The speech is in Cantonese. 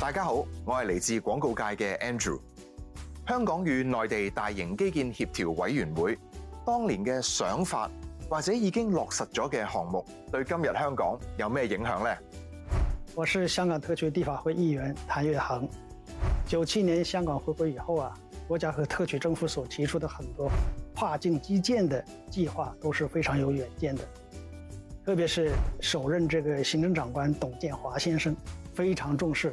大家好，我係嚟自廣告界嘅 Andrew。香港與內地大型基建協調委員會當年嘅想法，或者已經落實咗嘅項目，對今日香港有咩影響呢？我是香港特區立法會議員譚岳衡。九七年香港回歸以後啊，國家和特區政府所提出的很多跨境基建的計劃都是非常有遠見的，特別是首任這個行政長官董建華先生非常重視。